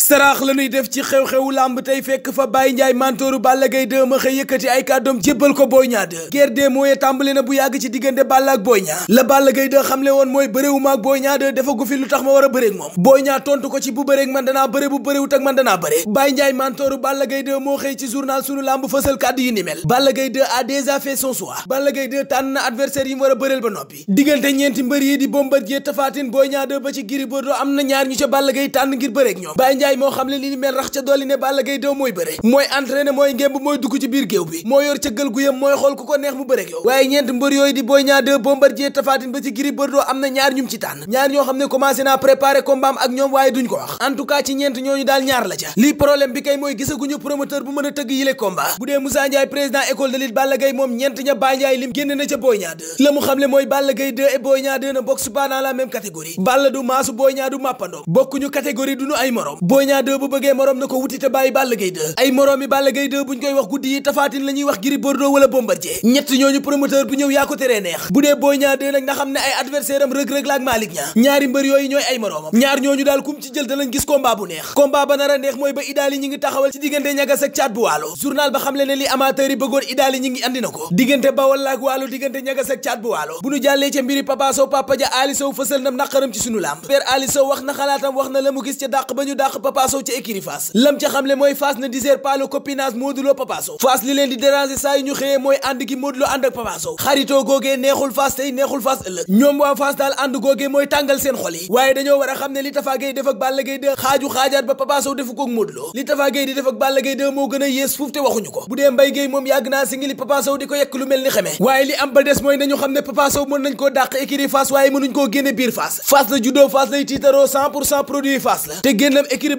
saraax la ñuy def ci xew-xewu làmb tey fekk fa Baye Ndiaye mantooru Balla Gaye 2 ma xëy yëkkati ay kàddoom jébbal ko Boy Niang 2 guerre des mooyee na bu yàgg ci diggante Balla ak Boy Niang la Balla Gaye 2 woon mooy bëréewuma ak Boy Niang 2 dafa gu fi lu tax ma war a bëreeg moom Boy Niang ko ci bu bëreeg man danaa bëre bu bëreewut ak danaa bëre Baye Ndiaye mantooru Balla Gaye 2 moo xëy ci journal sunu làmb fësal kàddu yi ni mel Balla Gaye a a déjà fait son choix Balla Gaye 2 tànn adversaire yi mu war a bëreel ba noppi diggante ñeenti mbër yi di Bombardier Tapha Tine Boy Niang 2 ba ci am na ñaar ñu ca Balla Gaye tànn ngir bëreeg ñoom Ndiaye moo xam le li ni mel rax ca dolli ne Balla Gaye 2 mooy bëre mooy entraîné mooy ngemb mooy dugg ci biir géew bi moo yor cëggal gu yam mooy xool ku ko neex mu bëre ak waaye ñeent mbër yooyu di Boy Niang 2 Bombardier Tapha Tine ba ci Gris Bordeaux am na ñaar ñum ci tànn ñaar ñoo xam ne commencé naa préparer combat ak ñoom waaye duñ ko wax en ci ñeent ñooñu daal ñaar la ca lii problème bi kay mooy gisaguñu promoteur bu mën tëgg yile combat bu dee Moussa Boy Niang 2 bu bëggee moroom na ñaari mbër yooyu ñooy ay moroomam ñaar ñooñu daal kum ci jël dalañ gis combat bu neex combat ba nar a neex mooy ba idaali ñi ngi taxawal ci diggante ñagas ak caat bu waalo journal ba xam ne li amateur yi bëggoon idaali ñi ngi andi ko diggante bawal laak waalo diggante ñagas ak caat bu waalo bu ñu jàllee ca mbiri papa sow papa fësal nam naqaram ci sunu làmb père ali wax na xalaatam wax na la gis ca dàq ba ñu dàq dàq ca écurie Fass lam ca xamle mooy Fass ne digère pas le copinage Modou Lo Papa Sow Fass li leen di déranger saa yi ñu xëyee mooy ànd gi Modou ànd ak Papa xaritoo googee neexul Fass tey neexul Fass ëllëg ñoom waa Fass daal ànd googee mooy tàngal seen xol yi waaye dañoo war a xam ne li Tapha Gueye def ak Balla Gaye 2 xaaju moo gën a yées fuuf te waxuñu ko bu dee Mbaye Gueye moom yàgg naa si ngi li di ko yekk lu mel ni xeme waaye li da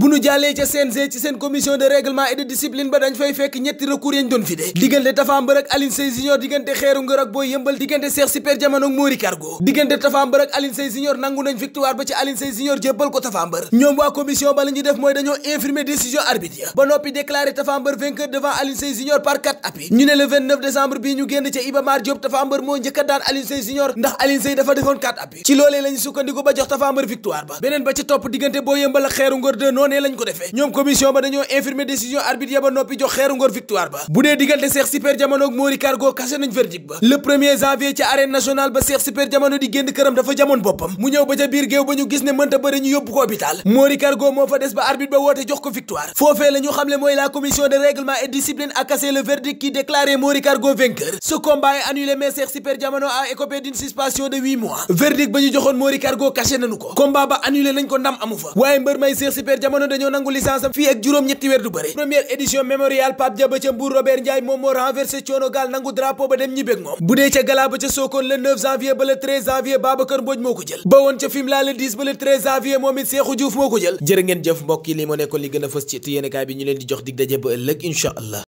bu nu jàllee ca CNG ci seen commission de règlement et de ba dañ fay fekk ñetti recours yañ doon fidee diggante Tafa Mbër Aline Sey Junior diggante Xeeru Ngor ak Boy Yëmbal diggante Cheikh Super Jamono ak Cargo diggante Tafa Mbër Aline Sey Junior nangu nañ victoire ba ci Aline Sey Junior jëpp jébbal ko Tapha Mbeur ba la ba noppi déclaré Tapha Mbeur vainqueur devant Alioune Sèye Junior par 4 appuis ñu ne le 29 décembre bii ñu génn ca Iba Mar Diop Tapha Mbeur moo njëkk a daan Alioune Sèye ba jox Tapha Mbeur victoire ba ba ca topp diggante ngor 2 noonee lañ ko defee ñoom commission ba dañoo infirmer décision arbitre ya ba noppi jox xeeru ngor victoire ba bu dee diggante Cheikh Super Jamono ak Mori Cargo kase nañ verdict ñu Mori Cargo moo fa des ba arbitre ba woote jox ko victoire foofee la ñu xamle mooy la commission de règlement et discipline a cassé verdict qui déclarait Mori Cargo vainqueur ce combat est annulé mais Super Diamono a écopé d'une suspension de huit mois verdict ba ñu joxoon Mori Cargo caché nañu ko combat ba annulé nañ ko ndam amu fa waaye mbër may Cheikh Super Diamono dañoo nangu licence fii ak juróom ñetti weer du bëre première édition mémorial Pape Diaba moom it Seexu Juuf moo ko jël jërë ngeen jëf mbokk yi li moo nekkoon li gën a fës ci yéenekaay bi ñu leen di jox dig daje ba ëllëg incha allah